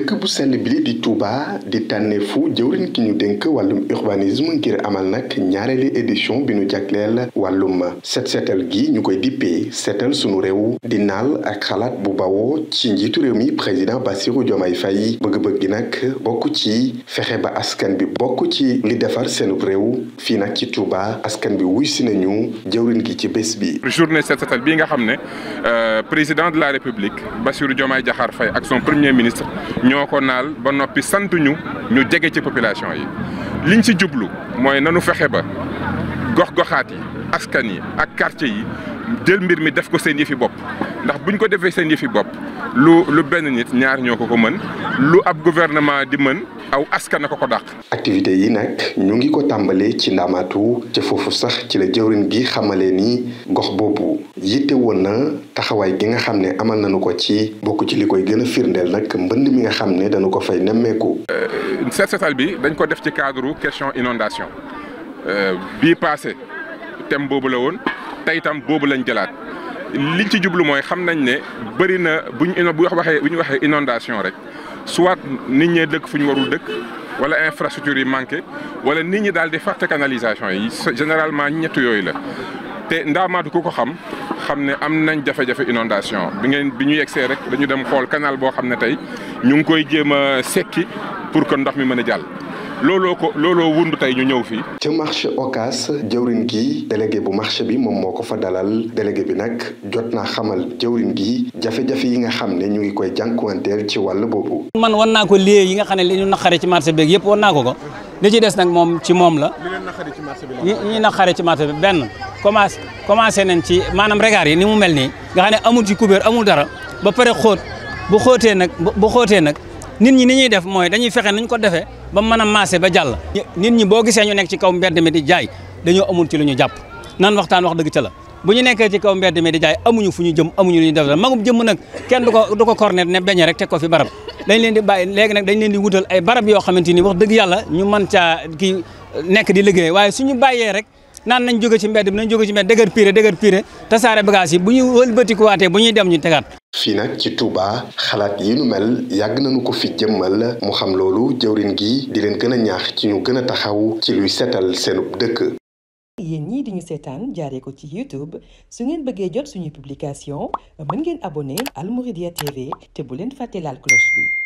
dëkk bu sell bile di Touba di tànneefu jëwriñ ki ñu dénk wàllum urbanisme ngir amal nag ñaareeli édition bi ñu jagleel wàllum set setal gi ñu koy dippee setal sunu réew di naal ak xalaat bu bawoo ci njiitu réew mi président Bassirou Diomaye Faye bëgg-bëgg gi nag bokk ci fexe ba askan bi bokk ci li defar seenub réew fii nag ci Touba askan bi wuy si nañu jëwriñ gi ci bés bi. journée set setal bii nga xam ne euh, président de la république Bassirou Diomaye Diakhar Faye ak son ñoo ko naal ba noppi santuñu ñu jege ci population yi liñ ci jublu mooy nanu fexe ba gox goxaat yi askan yi ak quartier yi jël mbir mi def ko seen yëfi bopp ndax buñ ko defee seen yëfi bopp lu lu benn nit ñaar ñoo ko ko mën lu ab gouvernement di mën aw askan na ko ko dàq. activité yi nag ñu ngi ko tàmbalee ci ndaamaatu ci foofu sax ci la jëwrin gi xamalee ni gox boobu yitte woon na taxawaay gi nga xam ne amal nañu ko ci bokk ci li koy gën a firndeel nag mbënd mi nga xam ne dañu ko fay nemmeeku. Euh, seet seetal bi dañ ko def ci cadre question inondation euh, bi passé thème boobu la woon tey itam boobu lañ jëlaat. liñ ci jublu mooy xam nañ ne bëri na buñ ino bu waxee bu ñu waxee inondation rek soit nit ñee dëkk fu ñu warul dëkk wala infrastructure yi manqué wala nit ñi daal di fàtte canalisation yi généralement ñett yooyu la te ndaamaatu ku ko xam xam ne am nañ jafe-jafe inondation bi ngeen bi ñu yegsee rek dañu dem xool canal boo xam ne tey ñu ngi koy jéem a sekki pour que ndox mi mën a jàll looloo ko looloo wund tey ñu ñëw fii. ca marché ocas jëwrin gi délégué bu marché bi moom moo ko fa dalal délégué bi nag jot na xamal jëwrin gi jafe-jafe yi nga xam ne ñu ngi koy jànkuwanteel ci wàll boobu. man wan naa ko lieu yi nga xam ne li ñu naqare ci marché beeg yëpp wan naa ko ci des nag moom ci moom la. ci marché bi la ñi ñi ci marché bi benn commencé commencé nañ ci maanaam regard yi ni mu mel nii. nga xam ne amul ci couvert amul dara ba pare xóot bu xootee nag bu xóotee nag nit ñi ni ñuy def mooy dañuy fexe nañ ko defee ba mën a maase ba jàll nit ñi boo gisee ñu nekk ci kaw mbedd mi di jaay dañoo amul ci lu ñu jàpp nan waxtaan wax dëgg ca la bu ñu nekkee ci kaw mbedd mi di jaay amuñu fu ñu jëm amuñu lu ñu def la magum jëm nag kenn du ko du ko cornet ne beñe rek te ko fi barab dañ leen di bàyyi léegi nag dañ leen di wutal ay barab yoo xamante ni wax dëgg yàlla ñu man caa kii nekk di liggéey waaye su suñu bàyyee rek naan nañ jóge ci mbedd bi nañ jóge ci mbedd dëgër pire dëgër pire tasaare bagage yi bu ñu wëlbatikuwaatee bu ñuy dem ñu tegaat. fii nag ci Touba xalaat yi nu mel yàgg nañu ko fi jëmmal mu xam loolu jëwrin gi di leen gën a ñaax ci ñu gën a taxaw ci luy setal seenub dëkk. yéen ñii di ñu seetaan jaaree ko ci YouTube su ngeen bëggee jot suñuy publication mën ngeen abonné Al Mouridiyyah TV te bu leen fàtte laal cloche bi.